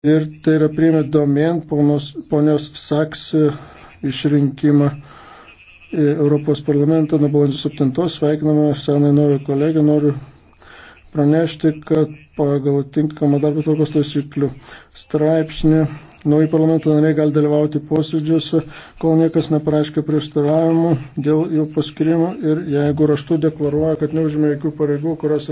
Ir tai yra priėmė domėn ponios, ponios Saks e, išrinkimą į Europos parlamentą nuo balandžio 7. Sveikiname senai naują kolegę. Noriu pranešti, kad pagal tinkamą darbo tvarkos taisyklių straipsnį nauji parlamento nariai gali dalyvauti posėdžiuose, kol niekas nepareiškia prieštaravimų dėl jų paskirimo ir jeigu raštu deklaruoja, kad neužima jokių pareigų, kurios yra